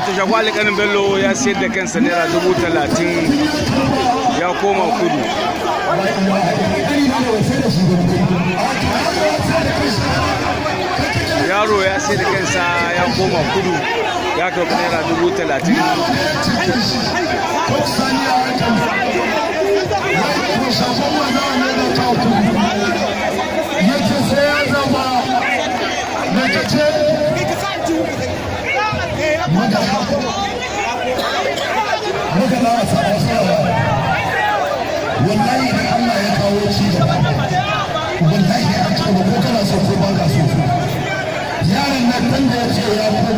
wata shagwali kanin bello ya sayar da kansa naira dubu talatin ya koma kudu yaro ya sayar da kansa ya koma kudu ya karɓi naira dubu talatin Thank wallahi ya ci ko kana so ko ba ka so yaron nan da ya ce ya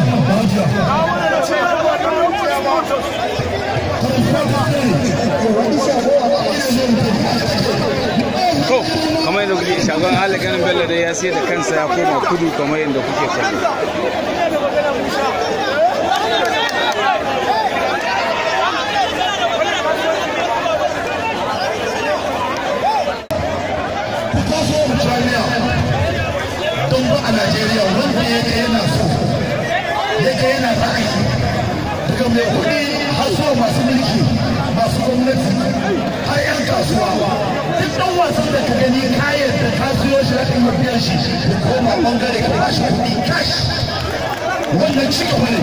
to kamar yadda kuke shagon alaganin bello dai ya sai da kansa ya koma kudu kamar yadda kuke kallo daga mai kuɗi har zuwa masu mulki masu gwamnati har kasuwa duk ɗan wasan da ka gani kayan da ka siyo shi za ka mafiyar shi da koma bangare ka ba shi kuɗi cash wannan ci gaba ne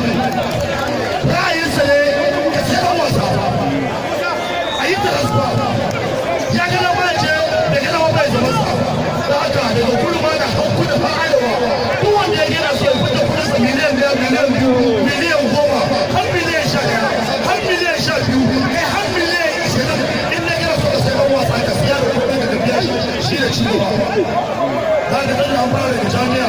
ra'ayinsa ne ka sai ɗan wasa a yi transfer ya gana ma ce da gana ma bai zama sa da haka daga da hankali ba ya gina so ya fita kudin sa miliyan biyar miliyan biyu miliyan da ciwo za ka zan an fara daga jami'a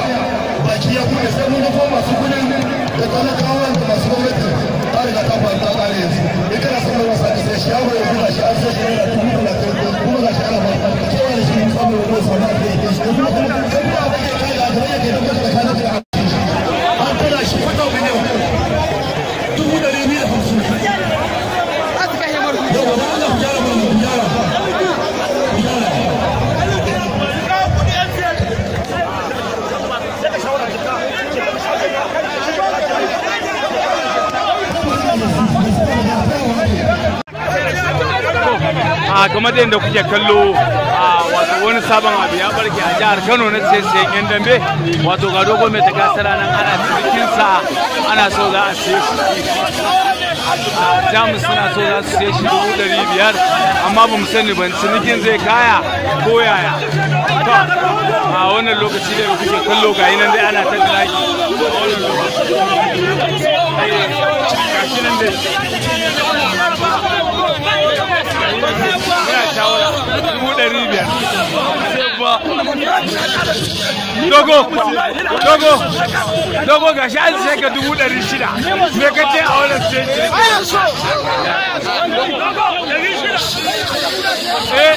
baki ya kuma sai mun ga masu kudin da talakawan da masu gwamnati ta riga ta faru ta kare yanzu in kana son mai wasa ka sai shi yawo yanzu ga shi an sai shi yana tuhu da kuma ga shi ana ba ta da shi musamman wani a game da yadda kuke kallo a wato wani sabon abu ya barke a jihar kano na siyayen yan dambe wato ga dogon mai takasara nan ana sa ana so za a siye shi jamus suna so za su siye shi dubu dari biyar amma ba mu sani ban cinikin zai kaya ko yaya a wannan lokaci da kuke kallo ga nan dai ana ta laki a wannan lokaci ɗari biyar dogo dogo dogo ga shi ka dubu ɗari shida me ka ce a wani stage eh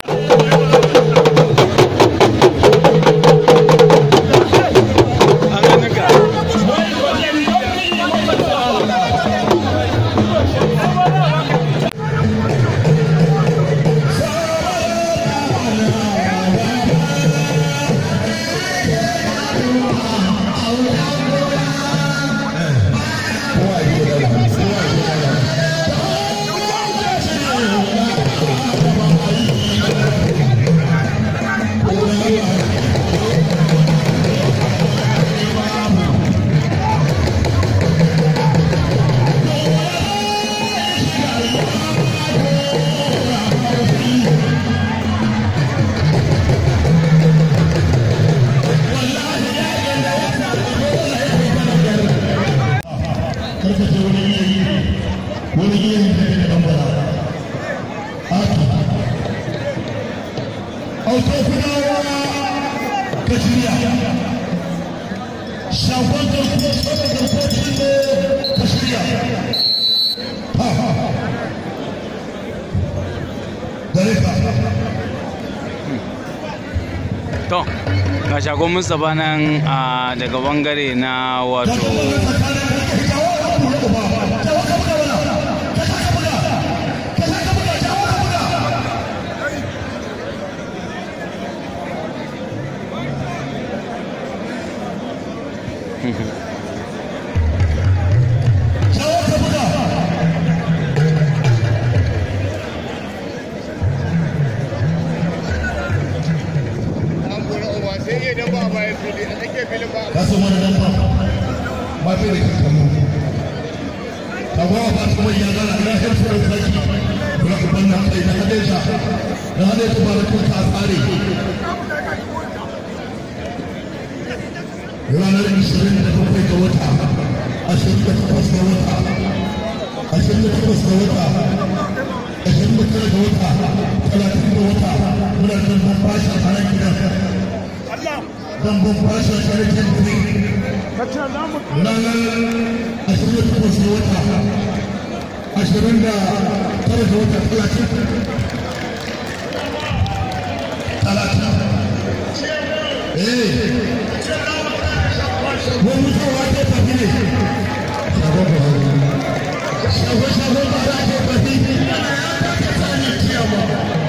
ka shirya shafon da to ga shagon nan ah, daga bangare na wato That's the one that I'm My baby can come home. A ba ba su mai yana na na hin fura ba ranar 27 ga wata ta ga wata 28 ga wata 29 ga wata 30 ga wata muna da zambon a nan gidan zambon fashin a nan gidan ranar 28 ga wata ta ga wata 30 talatin eh wani kowa ya